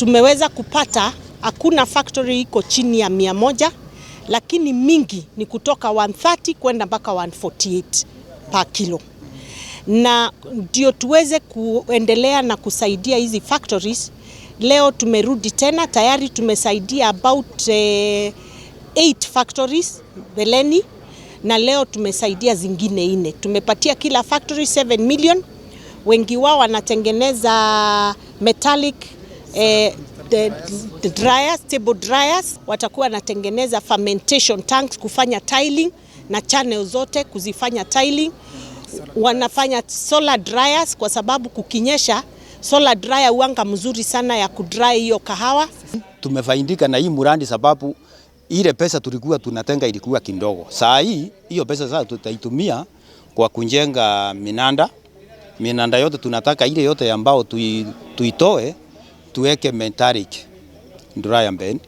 tumeweza kupata, hakuna factory iko chini ya mia moja, lakini mingi ni kutoka 130 kwenda mpaka 148 pa kilo, na ndio tuweze kuendelea na kusaidia hizi factories. Leo tumerudi tena, tayari tumesaidia about eh, eight factories Beleni, na leo tumesaidia zingine nne. Tumepatia kila factory 7 million, wengi wao wanatengeneza metallic e, the, the dryers, table dryers watakuwa natengeneza fermentation tanks kufanya tiling na channel zote kuzifanya tiling. Wanafanya solar dryers kwa sababu kukinyesha solar dryer uanga mzuri sana ya kudry hiyo kahawa. tumefaindika na hii murandi sababu ile pesa tulikuwa tunatenga ilikuwa kidogo. Saa hii hiyo pesa sasa tutaitumia kwa kujenga minanda. Minanda yote tunataka ile yote ambao tuitoe tuweke mentaric Ndura ya Mbeni